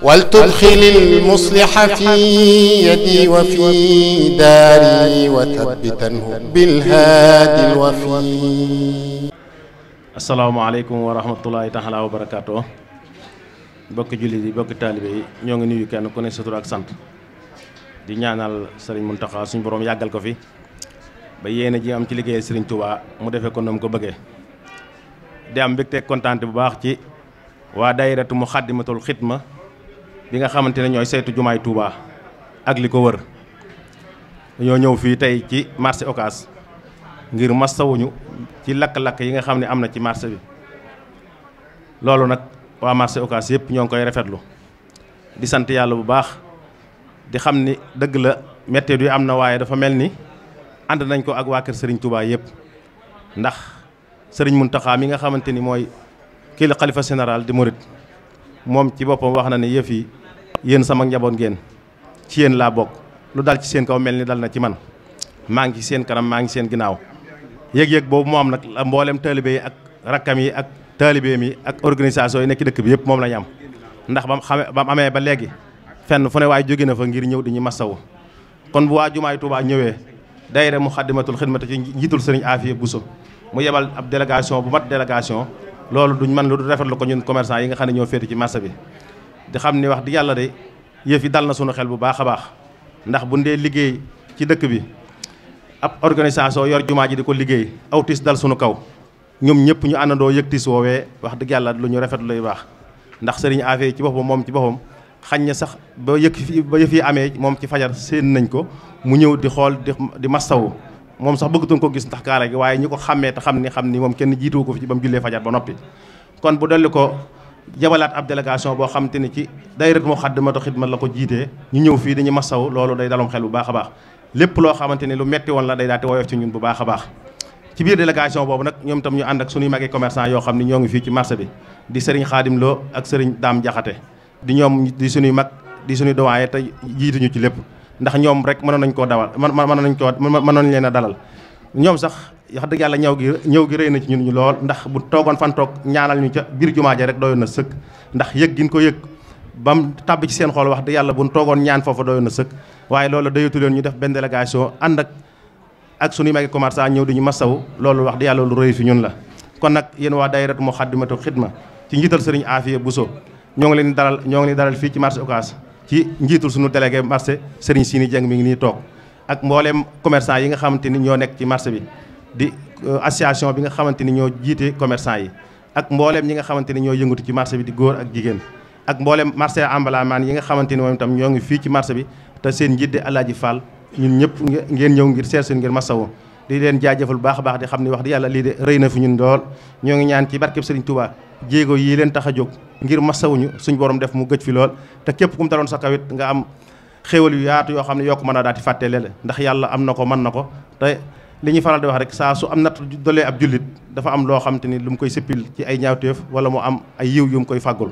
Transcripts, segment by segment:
ولتدخل المصلح في يدي وفي داري وتبتنه بالهادي الوفي asalaamaaleykum wa rahmatullahi taala wa barakaatu bokki jullit yi bokki taalibe yi ñoo ngi nuyu kenn ku ne sa ak sant di ñaanal sëriñ Muntaxa suñu boroom yàggal ko fi ba yéene ji am ci liggéeyal sëriñ Touba mu defee ko noonu ko bëggee di am mbégte kontaan bu baax ci waa daayiratu Muxaddamatul Xidma bi nga xamante ne ñooy saytu jumaay Touba ak li ko wër dañoo ñëw fii tey ci marché Ocass ngir massawuñu ci lakk-lakk yi nga xam ne am na ci marché bi loolu nag waa marché Ocass yëpp ñoo ngi koy rafetlu di sant yàlla bu baax di xam ni dëgg la méttee du am na waaye dafa mel ni ànd nañ ko ak waa kër Serigne Touba yëpp ndax sëriñ Serigne Mountakha mi nga xamante ni mooy kii la xalifa général di murit moom ci boppam wax na ne yëf yi yéen sama njaboot ngeen ci yéen laa bokk lu dal ci seen kaw mel ni dal na ci man maa ngi ci seen kanam maa ngi seen ginnaaw yëg-yëg boobu am nag mboolem taalibe yi ak rakkam yi ak taalibeem yi ak organisation yi nekk dëkk bi yëpp moom la am ndax bam xame ba amee ba léegi fenn fu ne waaye jóge na fa ngir ñëw di ñu masawu kon bu waa jumaay Tuubaa ñëwee daayira Muxaddamatul Xidmata ci njiitul sëriñ Afiya Buso mu yebal ab délégation bu mat délégation loolu duñ man lu du rafetlu ko ñun commerçant yi xam ne ñoo féete ci marché bi di xam ni wax di yàlla de yëf yi dal na sunu xel bu baax a baax ndax bu ndee liggéey ci dëkk bi ab organisation yor jumaa ji di ko liggéey aw tiis dal sunu kaw ñoom ñëpp ñu àndandoo yëg tiis woowee wax dëgg yàlla lu ñu rafet lay baax ndax sëriñ Afee ci boppam moom ci boppam xañ na sax ba yëg fi ba yëf yi amee moom ci fajar séen nañ ko mu ñëw di xool di di mastawu moom sax bëgg bëggatuñ ko gis ndax kaala gi waaye ñu ko xàmmee te xam ni xam ni moom kenn jiituwu ko fi ba mu jullee fajar ba noppi yabalaat ab délégation boo xam te ni ci daayira Muxaddamatul Xidma la ko jiitee ñu ñëw fii dañu masaw loolu day dalum xel bu baax a baax lépp loo xamante ni lu metti woon la day daal di woyof ci ñun bu baax a baax ci biir délégation boobu nag ñoom tam ñu ànd ak suñuy magi commerçant yoo xam ne ñoo ngi fii ci marché bi di sëriñ Xaadim Lo ak sëriñ Daam Jaxate di ñoom di suñuy mag di suñuy doyen te jiituñu ci lépp ndax ñoom rek mënoon nañ koo dawal mënoon nañ koo mënoon leen a sax wax dëgg yàlla ñëw gi ñëw gi rëy na ci ñun ñu lool ndax bu toogoon fan toog ñaanal ñu ca biir jumaa ja rek doyoon na sëkk ndax yëg gin ko yëg ba mu tàbbi ci seen xool wax dëgg yàlla bu toogoon ñaan foofa doyoon na sëkk waaye loolu dayatu leen ñu def benn délégation ànd ak ak suñu magi commerçant ñëw di ñu masaw loolu wax dëgg yàlla lu rëy fi ñun la kon nag yéen waa dayratu Muxaddamatul Xidma ci njiital sëriñ bu soo ñoo ngi leen dalal ñoo ngi dalal fii ci marché Ocass ci njiitul suñu délégué marché sëriñ Sini Jeng mi ngi nii toog ak mbooleem commerçant yi nga xamante ni ñoo nekk ci marché bi di euh, association bi nga xamante ni ñoo jiite commercant yi ak mbooleem ñi nga xamante ni ñoo yëngatu ci marché bi di góor ak jigéen ak mbooleem marché ambulant yi nga xamante ni moom itam ñoo ngi fii ci marché bi te seen njiit di Alaaji Fall ñun ñëpp ngeen ñëw ngir seet seen ngir masawo di leen jaajëfal bu baax baax di xam ni wax di yàlla lii de rëy na fi ñun lool ñoo ngi ñaan ci barkeb Sëriñ Tuubaa jéego yii leen tax a jóg ngir masawuñu suñ borom def mu gëj fi lool te képp ku mu daloon sa kawit nga am xéewal yu yaatu yoo xam ne yoo ko mën a daal di fàtte léeg ndax yàlla am na ko mën na ko li ñuy faral di wax rek saa su am natt dolee ab jullit dafa am loo xam te ni lu mu koy sippil ci ay ñaawteef wala mu am ay yiw yu mu koy fàggul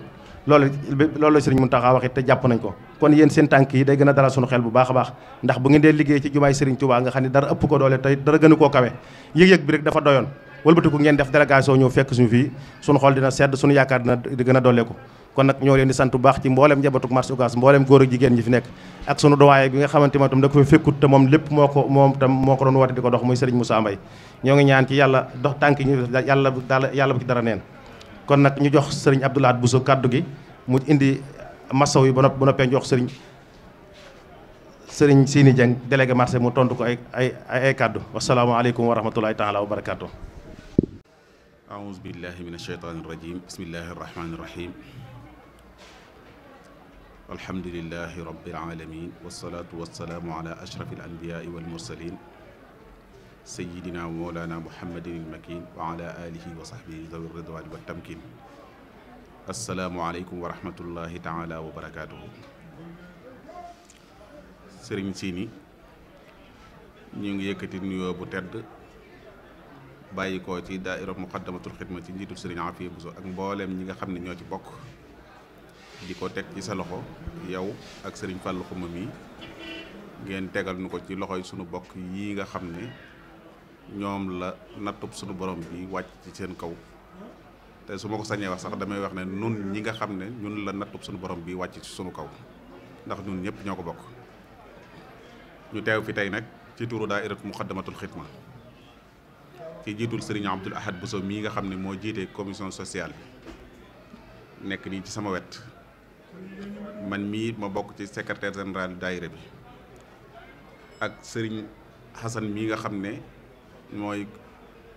loolu loolu sëriñ taxa waxit te jàpp nañ ko kon yéen seen tànk yi day gën a dara suñu xel bu baax baax ndax bu ngeen dee liggéey ci jumaay sëriñ Tuubaa nga xam ne dara ëpp ko doole tey dara gënu ko kawe yëg-yëg bi rek dafa doyoon walbatiku ngeen def délégation ñëw fekk suñu fii suñu xool dina sedd suñu yaakaar dina gën a dooleeku kon nag ñoo leen di sant bu baax ci mboolem njabatuk marché Ocass mboolem góor ak jigéen ñi fi nekk ak sunu doyen bi nga xamante ne tam da ko fekkut te moom lépp moo ko moom tam moo ko doon woote di ko dox muy Serigne Moussa Mbaye ñoo ngi ñaan ci yàlla dox tànk ñu yàlla bu dara neen kon nag ñu jox Serigne Abdou Lahad Bousso kaddu gi mu indi masaw yi ba nopp ba noppee ñu jox Serigne Serigne Sini Dieng délégué marché mu tontu ko ay ay ay kaddu wasalaamaaleykum wa rahmatulahi taala wa barakatu aouzu billahi min asheytaani rajim bismillahi rahmaani rahim alhamdulilahi rabbil alamin wasalaatu wasalaamu ala ashrafi al anbiyaai wal mursalin sayidina wa moolana muhammadin al makin wa ala alihi wa sahbihi zawi ridwani wa tamkin asalaamualeykum taala wa barakaatuhu sëriñ siini ñu ngi yëkkati nuyoo bu tedd bàyyi ko ci daaira muqaddamatul xidma ci njiitul sëriñ Afia ak mbooleem ñi nga xam ne ñoo ci bokk di ko teg ci sa loxo yow ak sëriñ Fallou Xuma mi ngeen tegal nu ko ci loxo yi sunu bokk yi nga xam ne ñoom la nattub sunu borom bi wàcc ci seen kaw te su ma ko sañee wax sax damay wax ne nun ñi nga xam ne ñun la nattub sunu borom bi wàcc ci sunu kaw ndax ñun ñëpp ñoo ko bokk ñu teew fi tey nag ci tuuru daairatu muqaddamatul xidma ci jiitul sëriñ Abdul Ahad Bousso mii nga xam ne moo jiite commission sociale bi nekk nii ci sama wet man mii ma bokk ci secretaire général daayira bi ak sëriñ Xasan mi nga xam ne mooy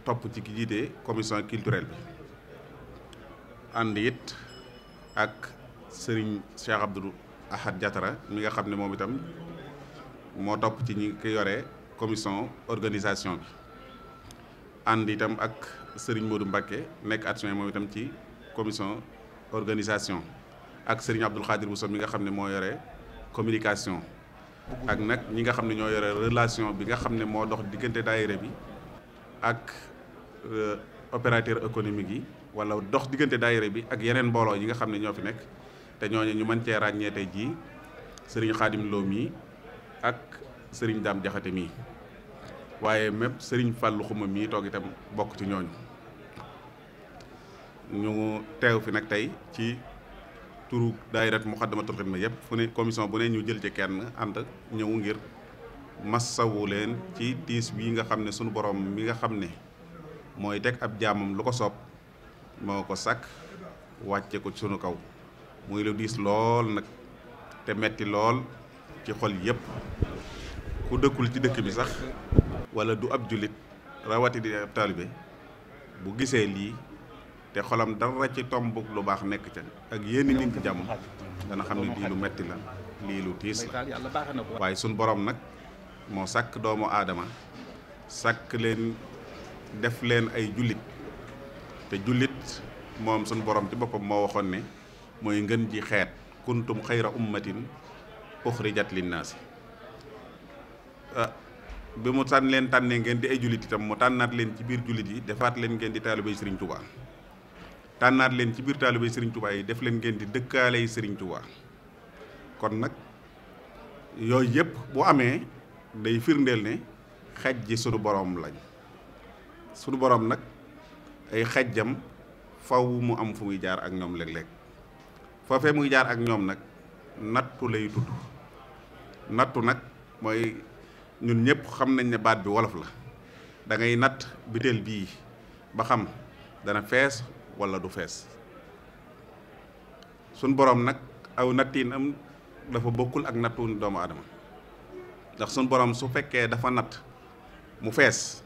topp ci ki jiite commission culturelle bi ànd it ak sëriñ Cheikh Abdou Ahad Diatara mi nga xam ne moom itam moo topp ci ñi ko yore commission organisation bi ànd itam ak sëriñ Modou Mbacké nekk adjoint moom itam ci commission organisation ak Serigne Abdoul bu Bousso mi nga xam ne moo yore communication ak nag ñi nga xam ne ñoo yore relation bi nga xam ne moo dox diggante daayira bi ak euh, opérateur économique yi wala dox diggante daayira bi ak yeneen mbooloo yi nga xam ne ñoo fi nekk te ñooñu ñu mën cee ràññee tey jii Serigne Khadim Lo mii ak Serigne Dame Diakhaté mii waaye même Serigne Fallou Xuma mii toog itam bokk ci ñooñu ñu teew fi nag tey ci. turu daayirat Muxaddamatul Xidma yëpp fu ne commission bu ne ñu jël ci kenn ànd ñëw ngir massawu leen ci diis bii nga xam ne sunu borom mi nga xam ne mooy teg ab jaamam lu ko soob moo ko sàkk wàcce ko ci sunu kaw muy lu diis lool nag te metti lool ci xol yëpp ku dëkkul ci dëkk bi sax wala du ab jullit rawati di ab taalibe bu gisee lii te xolam dara ci tombuk lu baax nekk ca ak yénn nit jàmm dana xam ne lii lu metti la lii lu tiis la waaye suñ borom nag moo sàkk doomu aadama sàkk leen def leen ay jullit te jullit moom sunu borom ci boppam moo waxoon ne mooy ngën ji xeet kuntum xayra ummatin uxrijat linnaasi ah, bi mu tànn leen tànnee ngeen di ay jullit itam mu tànnaat leen ci biir jullit yi defaat leen ngeen di taalibey Sëriñ Tuubaa tànnaat leen ci biir taalibe Serigne Touba yi def leen ngeen di dëkkaale yi Serigne kon nag yooyu yëpp bu amee day firndeel ne xaj ji sunu borom lañ sunu boroom nag ay xajjam faw mu am fu muy jaar ak ñoom léeg lekk foofee muy jaar ak ñoom nag nattu lay tudd nattu nag mooy ñun ñëpp xam nañ ne baat bi wolof la dangay natt biteel bii ba xam dana fees wala du fees suñ boroom nag aw nattiin dafa bokkul ak nattuun doomu aadama ndax suñ borom su fekkee dafa natt mu fees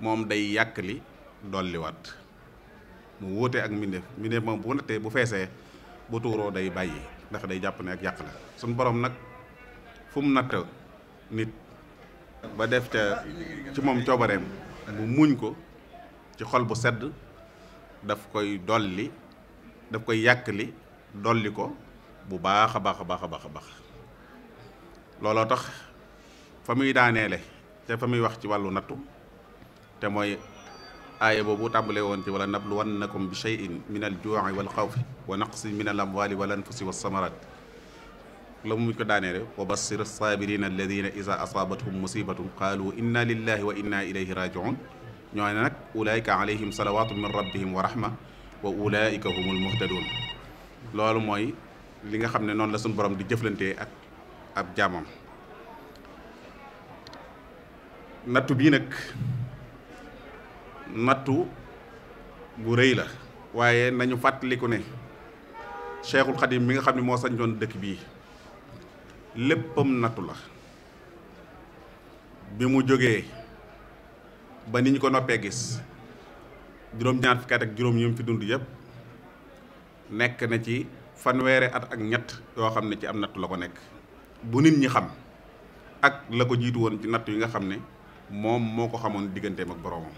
moom day yàq li dolliwaat mu wóote ak mbindeef mbindeef moom bu nattee bu feesee bu tuuroo day bàyyi ndax day jàpp ne ak yàq la suñ boroom nag fu mu nit ba def ca ci moom coobareem mu muñ ko ci xol bu sedd daf koy dolli daf koy yàkkali dolli ko bu baax a baax a baax a baax a baax looloo tax fa muy daaneele te fa muy wax ci wàllu nattu te mooy aaya boobu tàmbalee woon ci wala nabluwannakum bi shay'in min al juu'i wal xawfi wa naqsin min al amwali wal anfusi was samarat la mu ko daaneele wa bassir as-saabirina alladina ida asaabathum musibatun qaalu inna lillahi wa inna ilayhi rajiun ñoo ne nag ulaayika alayhim salawatu min rabbihim wa rahma wa ulaayika humul muhtadun loolu mooy li nga xam ne noonu la suñ borom di jëflantee ak ab jaamam nattu bii nag nattu bu rëy la waaye nañu fàttaliku ne cheikhul xadim mi nga xam ne moo sañcoon dëkk bii léppam nattu la bi mu jógee ba ni ñu ko noppee gis juróom-ñaar fukki at ak juróom yi fi dund yëpp nekk na ci fanweeri at ak ñett yoo xam ne ci am natt la ko nekk bu nit ñi xam ak la ko jiitu woon ci natt yi nga xam ne moom moo ko xamoon digganteem ak boroomam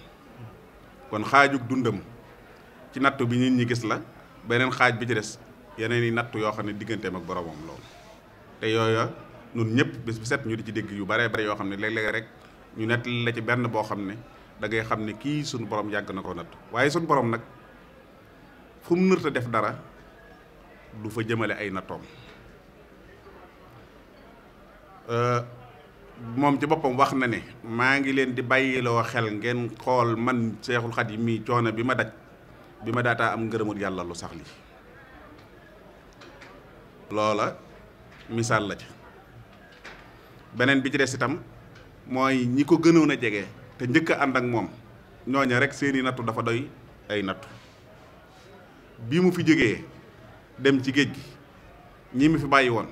kon xaajug dundam ci natt bi nit ñi gis la beneen xaaj bi ci des yeneen i nattu yoo xam ne digganteem ak boroomam loolu te yooya nun ñëpp bis bu set ñu di ci dégg yu bare bare yoo xam ne léeg-léeg rek ñu nett la ci benn boo xam ne dangay xam ne kii sunu borom yàgg na ko natt waaye sunu borom nag fum mu nërta def dara du fa jëmale ay nattoom euh, moom ci boppam wax na ni maa ngi leen di bàyyiloo xel ngeen xool man Seexul yi mii coono bi ma daj bi ma daataa am ngërëmul yàlla lu sax li loola misaal la ci beneen bi ci des itam mooy ñi ko gënoon a jege. te njëkk a ànd ak moom ñooña rek seeni nattu dafa doy ay nattu bi mu fi jógee dem ci géej gi ñi mu fi bàyyi woon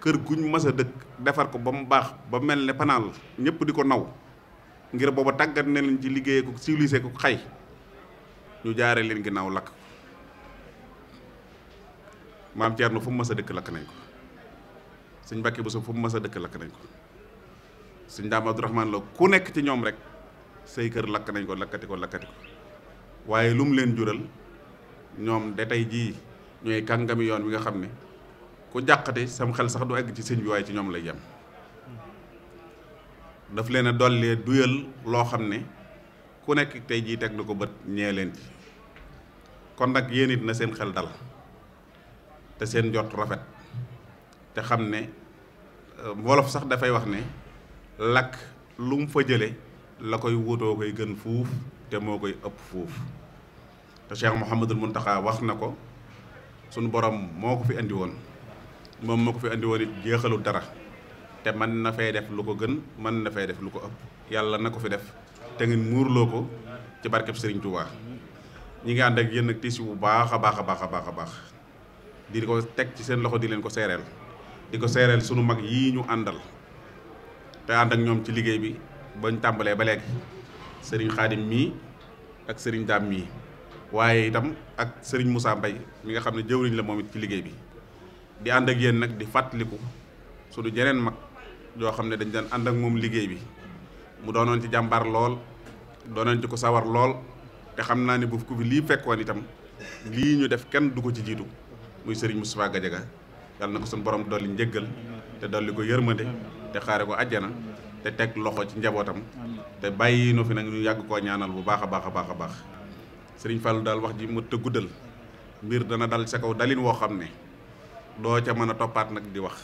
kër guñ mës a dëkk defar ko ba mu baax ba mel ne panaal ñëpp di ko naw ngir booba tàggat ne leen ci liggéey ko civilisé ko xay ñu jaare leen ginnaaw lakk maam Thierno fu mu mës a dëkk lakk nañ ko sëñ Mbàkke Buso fu mu mës a dëkk lakk nañ ko sëñ daam Abdourahmane la ku nekk ci ñoom rek say kër lakk nañ ko lakkati ko lakkati ko waaye lu mu leen jural ñoom de tey jii ñooy kàngami yoon wi nga xam ne ku jàqati sam xel sax du egg ci sëñ bi waaye ci ñoom lay yem daf leen a dollee duyal loo xam ne ku nekk tey jii teg na ko bët ñee leen ci kon nag yéen it na seen xel dal te seen jot rafet te xam ne euh, wolof sax dafay wax ne lakk lu mu fa jële la koy wutoo koy gën fuuf te moo koy ëpp fuuf te Cheikh Mouhamadul Mountakha wax na ko sunu borom moo ko fi indi woon moom moo ko fi andi woon it jeexalu dara te mën na fay def lu ko gën mën na fay def lu ko ëpp yàlla na ko fi def te ngeen muurloo ko ci barkeb Serigne Touba ñi ngi ànd ak yéen nag bu baax a baax a baax a baax a baax di ko teg ci seen loxo di leen ko seereel di ko seereel sunu mag yi ñu àndal. te ànd ak ñoom ci liggéey bi bañ tàmbalee ba léegi sëriñ Xaadim mii ak sëriñ Daam mii waaye itam ak sëriñ Moussa Mbay mi nga xam ne jëwriñ la moom ci liggéey bi di ànd ak yéen nag di fàttaliku suñu jeneen mag yoo xam ne dañ daan ànd ak moom liggéey bi mu doonoon ci jàmbaar lool doonoon ci ko sawar lool te xam naa ne bu ku fi lii fekkoon itam lii ñu def kenn du ko ci jiitu muy sëriñ Moustapha Gadiaga yàlla na ko suñu borom dolli njëggal te dolli ko yërmande te xaare ko àjjana te teg loxo ci njabootam te bàyyi nu fi nag ñu yàgg koo ñaanal bu baax a baax a baax a baax sëriñ Fallou daal wax ji mët a guddal mbir dana dal sa kaw dalin woo xam ne doo ca mën a toppaat nag di wax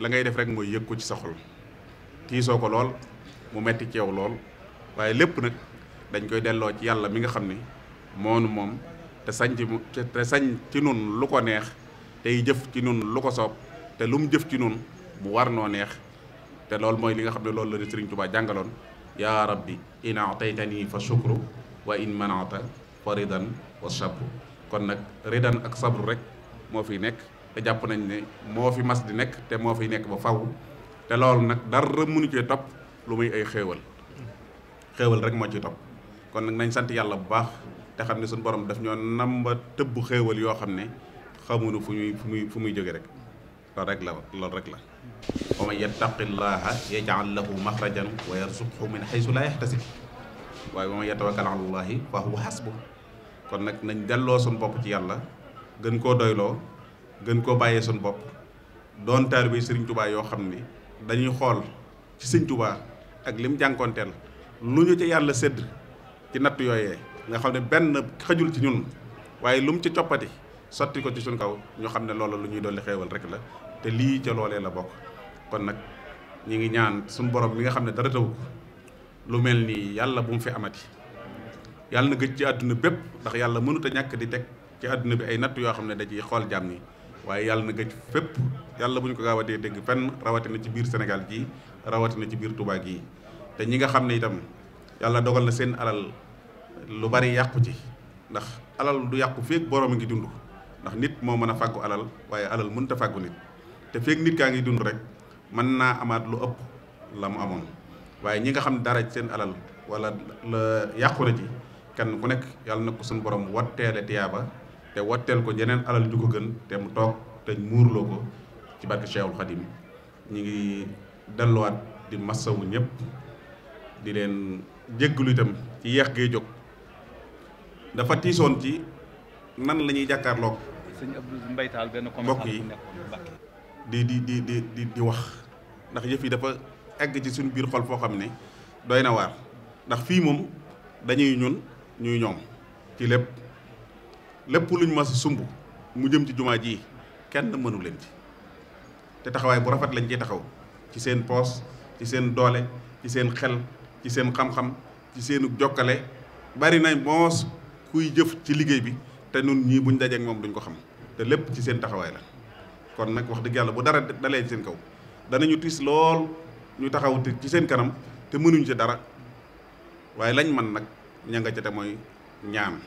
la ngay def rek mooy yëg ko ci sa xol tiisoo ko lool mu metti ceew lool waaye lépp nag dañ koy delloo ci yàlla mi nga xam ni moonu moom te sañ ci te sañ ci nun lu ko neex tey jëf ci nun lu ko soob te lu jëf ci nun mu war noo neex te loolu mooy li nga xam ne loolu la di Sëriñ Tuubaa jàngaloon yaa rabbi in ataytani fa shukru wa in manata fa ridan wa sabru kon nag ridan ak sabru rek moo fi nekk te jàpp nañ ne moo fi mas di nekk te moo fiy nekk ba faw te loolu nag dara mënu cee topp lu muy ay xéewal xéewal rek moo ci topp kon nag nañ sant yàlla bu baax te xam ne suñ borom daf ñoo namba tëbb xéewal yoo xam ne xamuñu fu ñuy fu muy fu muy jóge rek loolu rek la rek la wa man yattaqillaha yaj'al lahu maxrajan wa yarzuqhu min xaysu laa yaxtasib waaye wa man yatawakkal ala allahi fa huwa xasbu kon nag nañ delloo suñ bopp ci yàlla gën koo doyloo gën koo bàyyee suñ bopp doon taalibe sëriñ tubaa yoo xam ni dañuy xool ci sëriñ tubaa ak lim jànkoonteel lu ñu ci yàlla sédd ci natt yooyee nga xam ne benn xajul ci ñun waaye lu mu ci coppati sotti ko ci suñ kaw ñu xam ne loolu lu ñuy dolli xeewal rek la te lii ca loolee la bokk kon nag ñi ngi ñaan suñu borom mi nga xam ne dara taw lu mel nii yàlla bu mu fi amati yàlla na gëj ci àdduna bépp ndax yàlla mënut ñàkk di teg ci àdduna bi ay natt yoo xam ne da ciy xool jàmm ni waaye yàlla na gëj fépp yàlla bu ñu ko gaaw a dee dégg fenn rawatina ci biir Sénégal gii rawatina ci biir Touba gii te ñi nga xam ne itam yàlla dogal na seen alal lu bari yàqu ci ndax alal du yàqu feek borom a ngi dund ndax nit moo mën a fàggu alal waaye alal mënut a fàggu nit te feeg nit kaa ngi dund rek mën naa amaat lu ëpp la mu amoon waaye ñi nga xam dara seen alal wala la yàqu na ci kenn ku nekk yàlla na ko suñu borom watteele tiyaaba te watteel ko jeneen alal ju ko gën te mu toog te muurloo ko ci barke Cheikhul Khadim ñi ngi delluwaat di massawu ñëpp di leen jéggalu itam ci yeex gee jóg dafa tiisoon ci nan la ñuy ko mbokk yi di di di di di wax ndax yëf yi dafa egg ci suñu biir xol foo xam ne doy na waar ndax fii moom dañuy ñun ñuy ñoom ci lépp lépp luñ mas sumb mu jëm ci jumaa ji kenn mënu leen ci te taxawaay bu rafet lañ ciy taxaw ci seen poos ci seen doole ci seen xel ci seen xam-xam ci seenu jokkale bari nañ moos kuy jëf ci liggéey bi te nun ñii buñ dajeek moom duñ ko xam te lépp ci seen taxawaay la kon nag wax dëgg yàlla bu dara dalee ci seen kaw danañu tiis lool ñu taxaw ci seen kanam te mënuñ ci dara waaye lañ man nag ña nga ca te mooy ñaan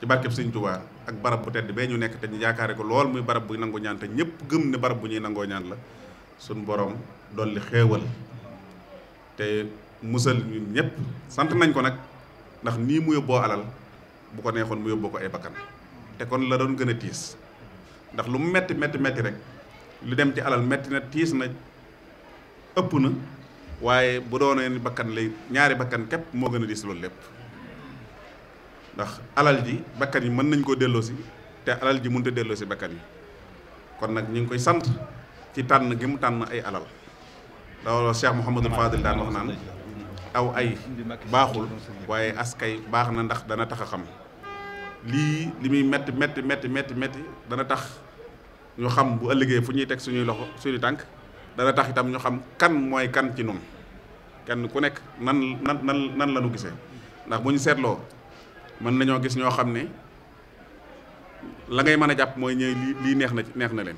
ci barkeb Sëñ Tuubaa ak barab bu tedd bee ñu nekk te ñu yaakaare ko lool muy barab buy nangu ñaan te ñëpp gëm ne barab bu ñuy nangoo ñaan la suñ borom dolli xéewal te musal ñun ñëpp sant nañ ko nag ndax nii mu yóbboo alal bu ko neexoon mu yóbboo ko ay bakkan te kon la doon gën a tiis ndax lu mu metti metti metti rek lu dem ci alal metti na tiis na ëpp na waaye bu doonee ni bakkan lay ñaari bakkan képp moo gën a diis loolu lépp ndax alal ji bakkan yi mën nañ koo delloosi te alal ji mënut a delloosi bakkan yi kon nag ñu ngi koy sant ci tànn gi mu tànn ay alal loolu Cheikh Mouhamadul Fadil daan wax naan aw ay baaxul waaye askay baax na ndax dana tax a xam lii li muy metti metti metti metti metti dana tax ñu xam bu ëllëgee fu ñuy teg suñuy loxo suñuy tànk dana tax itam ñu xam kan mooy kan ci nun kenn ku nekk nan nan nan nan la ñu gisee ndax bu ñu seetloo mën nañoo gis ñoo xam ne la ngay mën a jàpp mooy lii neex na neex na leen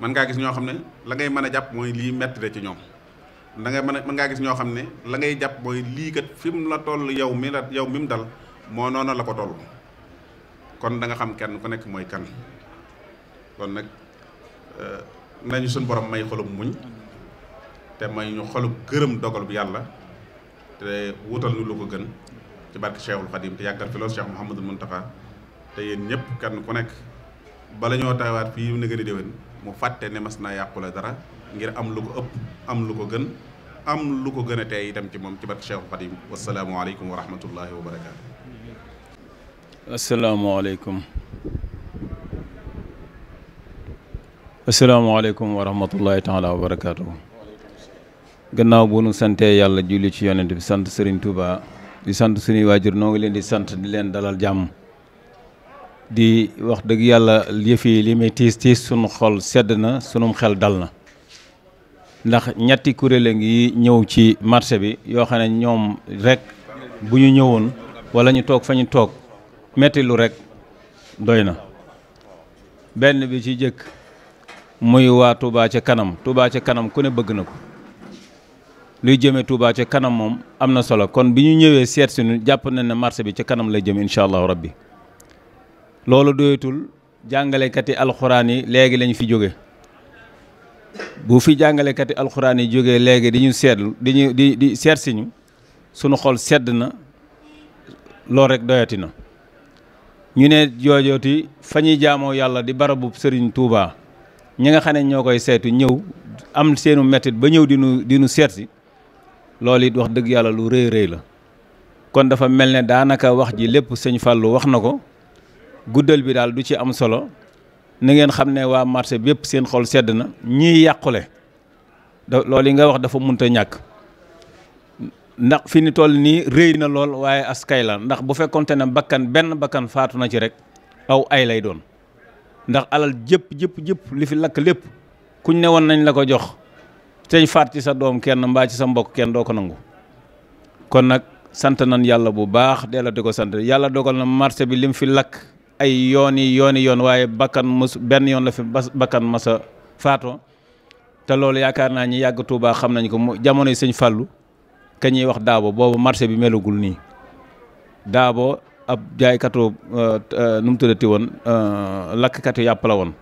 mën ngaa gis ñoo xam ne la ngay mën a jàpp mooy lii metti na ci ñoom da ngay mën a mën ngaa gis ñoo xam ne la ngay jàpp mooy lii kat fi mu la toll yow mi la yow mi mu dal moo noonu la ko toll kon danga xam kenn ku nekk mooy kan kon nag euh, nañu suñ borom may xolub muñ te may ñu xolu gërëm dogal bu yàlla te wutal nu lu ko gën ci barke Cheikhul Khadim te yàggal fi loolu Cheikh Mouhamadul Mountakha te yéen ñëpp kenn ku nekk bala ñoo tawaat fii mu nëgëri déwén mu fàtte ne mas naa yàqu dara ngir am lu ko ëpp am lu ko gën am lu ko gën a tey itam ci moom ci barke Cheikhul Khadim wasalaamualeykum wa rahmatullahi wa barakaatu. asalaamaaleykum asalaamaaleykum wa rahmatullahi taala wa barakaatu. gannaaw bu santee yàlla julli ci yonent bi sant Serigne Touba di sant suñuy waajur noo ngi leen di sant di leen dalal jàmm. di wax dëgg yàlla yëf li may tiis tiis sunu xol sedd na sunum xel dal na. ndax ñetti kuréel a ngi ñëw ci marché bi yoo xam ne ñoom rekk bu ñu ñëwoon wala ñu toog fa ñu toog. metti lu rek doy na benn bi ci jëkk muy waa Touba ca kanam Touba ca kanam ku ne bëgg na ko luy jëmee Touba ca kanam moom am na solo kon bi ñu ñëwee seet si ñu jàpp nañ ne marché bi ca kanam lay jëm incha allahu rabbi loolu doyatul jàngalekat yi alxuraan yi léegi lañ fi jóge bu fi jàngalekat yi alxuraan yi jógee léegi di seetlu di di di seet si ñu sunu xol sedd na loolu rek doyati na. ñu ne joojooti fa ñuy jaamoo yàlla di barabu sëriñ Touba ñi nga xam ne ñoo koy seetu ñëw am seenu mettit ba ñëw di nu di nu seet si loolu it wax dëgg yàlla lu rëy rëy la kon dafa mel ne daanaka wax ji lépp sëñ Fallou wax na ko guddal bi daal du ci am solo na ngeen xam ne waa marché bépp seen xol sedd na ñiy yàqule da loolu yi nga wax dafa munta ñàkk ndax fi ni toll nii réy na lool waaye askay ndax bu fekkonte ne bakkan benn bakkan faatu na ci rek aw aylay doon ndax alal jëpp jëpp jëpp li fi lakk lépp kuñ ne woon nañ la ko jox teñ faat ci sa doom kenn mbaa ci sa mbokk kenn doo ko nangu kon nag sant nañ yàlla bu baax di ko sant yàlla dogal na marché bi li mu fi lakk ay yooni yooni yoon waaye bakkan mos benn yoon la fi bakkan masa faatoo te loolu yaakaar naa ñi yàgg Tuubaa xam nañ ko mu jamono yi sëñ ka ñuy wax daabo boobu marché bi melagul nii daabo ab jaaykatu euh, euh, nu mu tuddati woon euh, lakkatu yàpp la woon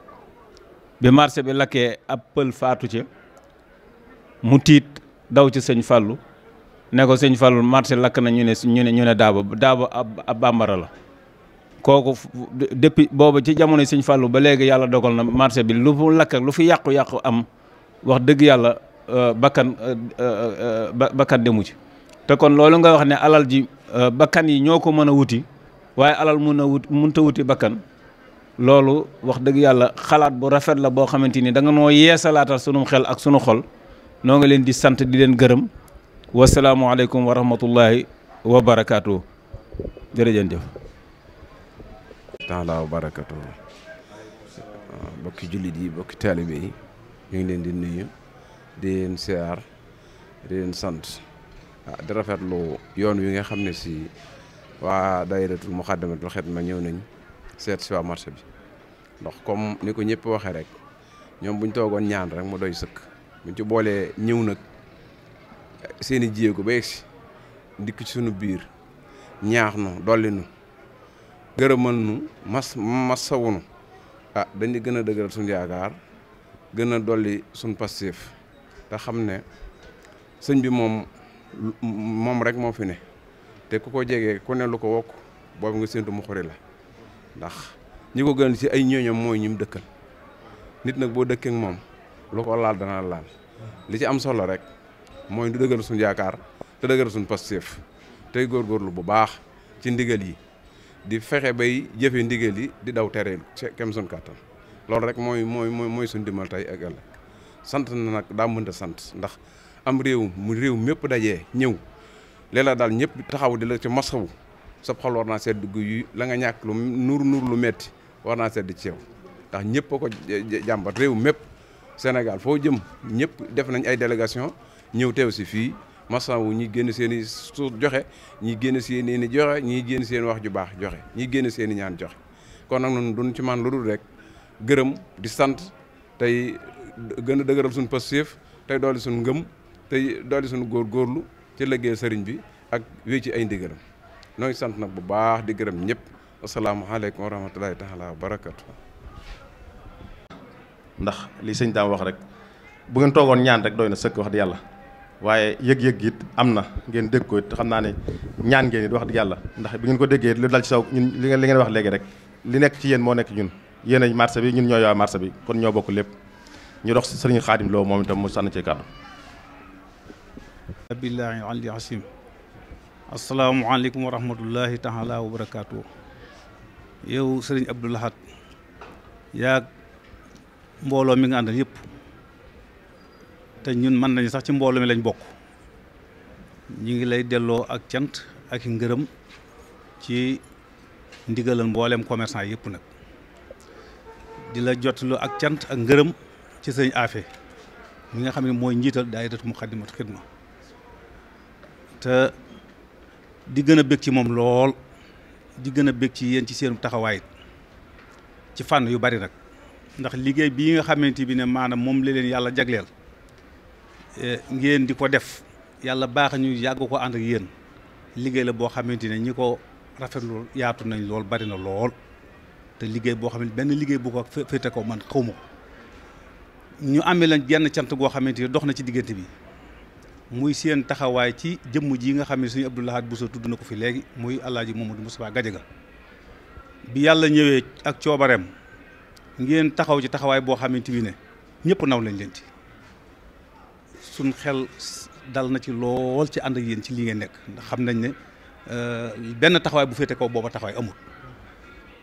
bi marché bi lakkee ab pël faatu ca mu tiit daw ci sëñ Fallou ne sëñ Fallou marché lakk na ñu ne ñu ne ñu ne daabo daabo ab bambara la kooku depuis boobu ci jamono sëñ fàllu ba léegi yàlla dogal na marché bi lu mu lakk lu fi yàqu-yàqu am wax dëgg yàlla Euh, bakkan euh, euh, bakkan demu ci te kon loolu nga wax ne alal ji bakkan yi ñoo ko mën a wuti waaye alal mun a wut munta wuti bakkan loolu wax dëgg yàlla xalaat bu rafet la boo xamante ni da nga noo yeesalaatal sunu xel ak sunu xol noo nga leen di sant di leen gërëm wasalaamualeykum wa rahmatullahi wa barakaatu jërëjëf taala wa barakatuh bokki jullit yi bokki taalibe yi ñu ngi leen di nuyu di leen siyaar leen sant ah di rafetlu yoon wi nga xam ne si waa daayiratul xet xidma ñëw nañ seet si waa marché bi ndox comme ni ko ñëpp waxee rek ñoom buñ toogoon ñaan rek mu doy sëkk mu ci boolee ñëw nag seeni ko ba yegsi dikk ci sunu biir ñaax nu dolli nu gërëmal nu mas masawunu ah dañu gën a dëgëral suñu yaakaar gën a dolli suñu passif te xam ne sëñ bi moom moom rek moo fi ne te ku ko jegee ku ne lu ko wokk boobu nga séntu mu xuri la ndax ñi ko gën ci ay ñooñam mooy ñim dëkkal nit nag boo dëkkee moom lu ko laal dana laal li ci am solo rek mooy du dëgël suñu yaakaar te dëggal suñu pastéef tey góor góorgóorlu bu baax ci ndigal yi di fexe bay jëfe ndigal yi di daw tereel kem suñu kàttan loolu rek mooy mooy mooy suñu dimbal tey ak ëllëg sant na nag daa mënta sant ndax am réew mu réew mépp dajee ñëw léeg daal ñëpp taxaw di la ci masawu sab xol war naa sedd yu la nga ñàkk lu nuur nuur lu metti war naa sedd ci ndax ñëpp a ko jàmbat réew mépp Sénégal foo jëm ñëpp def nañ ay délégation ñëw teew si fii masawu ñi génn seen i suuf joxe ñi génn seen i joxe ñii génn seen wax ju baax joxe ñi génn seeni ñaan joxe kon nag ñun duñ ci man lu dul rek gërëm di sant tey gën a dëgëral suñu positif tey dooli suñu ngëm tey dooli góor góorgóorlu ci liggéey sëriñ bi ak wéy ci ay ndigalam noo sant nag bu baax di gërëm ñëpp asalaamaaleykum wa rahmatulahi taala wa barakatu ndax li sëñ daam wax rek bu ngeen toogoon ñaan rek doy na sëkk wax di yàlla waaye yëg-yëg it am na ngeen dégg ko te xam naa ne ñaan ngeen it wax di yàlla ndax bi ngeen ko déggee lu dal ci saw ñun li ngeen wax léegi rek li nekk ci yéen moo nekk ñun yéen ay bi ñun ñoo waa marché bi kon ñoo bokk lépp ñu dox si sëriñ xaadim loo moom itam mu sànn ci kàddu billaahi ali asim asalaamualeykum wa rahmatullahi taala wa barakaatu yow sëriñ Abdou Lahad yaag mbooloo mi nga àndal yëpp te ñun mën nañu sax ci mbooloo mi lañ bokk ñu ngi lay delloo ak cant ak ngërëm ci ndigalal mbooleem commerçant yëpp nag di la jotlu ak cant ak ngërëm ci sëñ Afe mi nga xam ne mooy njiital daayiratu Muxaddamatul Xidma te di gën a bég ci moom lool di gën a bég ci yéen ci seen taxawaay ci fànn yu bari nag ndax liggéey bii nga xamante bi ne maanaam moom la leen yàlla jagleel e, ngeen di ko def yàlla baax ñu yàgg ko ànd ak yéen liggéey la boo xamante ne ñi ko rafetlu yaatu nañ lool bari na lool te liggéey boo xam ne benn liggéey bu ko féete ko man xaw ma ko ñu amee la genn cant goo xamante ni dox na ci diggante bi muy seen taxawaay ci jëmm ji nga xam ne suñu Abdou Lahad Bousso tudd na ko fi léegi muy Alaaji Mamadou Moustapha Gadiaga bi yàlla ñëwee ak coobareem ngeen taxaw ci taxawaay boo xamante bi ne ñëpp naw lañ leen ci suñ xel dal na ci lool ci ànd ak yéen ci li ngeen nekk ndax xam nañ ne euh, benn taxawaay bu féete kaw booba taxawaay amul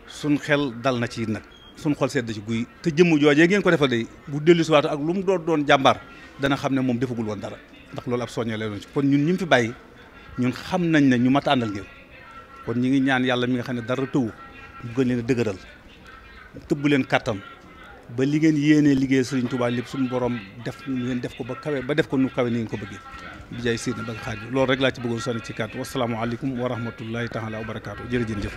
suñ xel dal na ci nag suñ xol sedd ci guy te jëmm joojee ngeen ko defal day bu dellu si waat ak lu mu doon doon jàmbaar dana xam ne moom defagul woon dara ndax loolu ab soññee lay doon ci kon ñun ñi fi bàyyi ñun xam nañ ne ñu mat a ngeen kon ñi ngi ñaan yàlla mi nga xam ne dara tëwu mu gën leen a dëgëral tëbb leen kàttan ba li ngeen yéenee liggéey Sëriñ Tuubaa lépp suñu borom def ngeen def ko ba kawe ba def ko nu kawe ni ngeen ko bëggee bi jaay siir na ba nga xaaj loolu rek laa ci bëggoon sonni ci kàddu wasalaamaaleykum wa rahmatullahi taala wa barakaatu jërëjëf